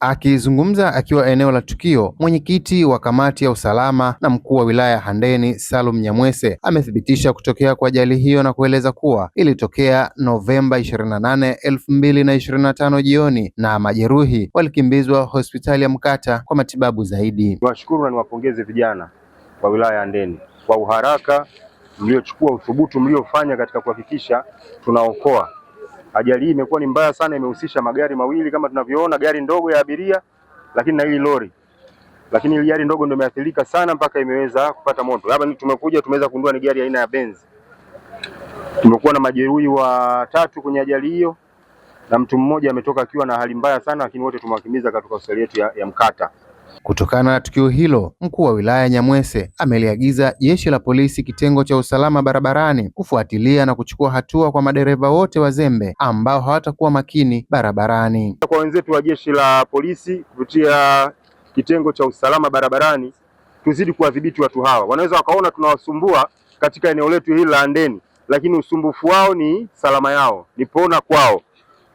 Akizungumza akiwa eneo la tukio, mwenyekiti wa kamati ya usalama na mkuu wa wilaya Handeni Salum Nyamwese amethibitisha kutokea kwa ajali hiyo na kueleza kuwa ilitokea Novemba 28, 2025 jioni na majeruhi walikimbizwa hospitali ya Mkata kwa matibabu zaidi. Niwashukuru na niwapongeze vijana wa wilaya Handeni kwa uharaka mliochukua, uthubutu mliofanya katika kuhakikisha tunaokoa Ajali hii imekuwa ni mbaya sana, imehusisha magari mawili kama tunavyoona, gari ndogo ya abiria, lakini na hili lori, lakini hili gari ndogo ndio imeathirika sana mpaka imeweza kupata moto. Hapa tumekuja tumeweza kundua ni gari aina ya Benz. Tumekuwa na majeruhi watatu kwenye ajali hiyo na mtu mmoja ametoka akiwa na hali mbaya sana, lakini wote tumewakimbiza katika hospitali yetu ya, ya Mkata. Kutokana na tukio hilo, mkuu wa wilaya Nyamwese ameliagiza jeshi la polisi kitengo cha usalama barabarani kufuatilia na kuchukua hatua kwa madereva wote wazembe ambao hawatakuwa makini barabarani. Kwa wenzetu wa jeshi la polisi kupitia kitengo cha usalama barabarani, tuzidi kuwadhibiti watu hawa. Wanaweza wakaona tunawasumbua katika eneo letu hili la Handeni, lakini usumbufu wao ni salama yao, ni pona kwao.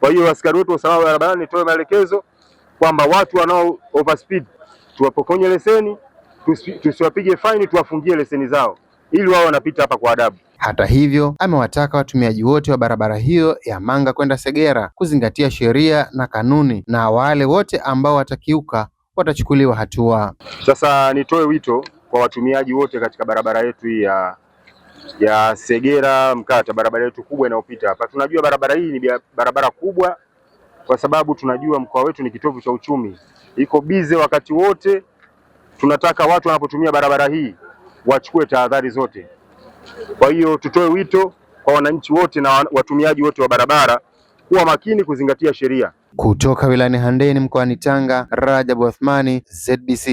Kwa hiyo askari wetu wa usalama barabarani, nitoe maelekezo kwamba watu wanao overspeed tuwapokonye leseni, tusiwapige faini, tuwafungie leseni zao ili wao wanapita hapa kwa adabu. Hata hivyo, amewataka watumiaji wote wa barabara hiyo ya Manga kwenda Segera kuzingatia sheria na kanuni, na wale wote ambao watakiuka watachukuliwa hatua. Sasa nitoe wito kwa watumiaji wote katika barabara yetu hii ya ya Segera Mkata, barabara yetu kubwa inayopita hapa. Tunajua barabara hii ni barabara kubwa, kwa sababu tunajua mkoa wetu ni kitovu cha uchumi iko bize wakati wote. Tunataka watu wanapotumia barabara hii wachukue tahadhari zote. Kwa hiyo tutoe wito kwa wananchi wote na watumiaji wote wa barabara kuwa makini kuzingatia sheria. Kutoka wilayani Handeni mkoani Tanga, Rajabu Athmani, ZBC.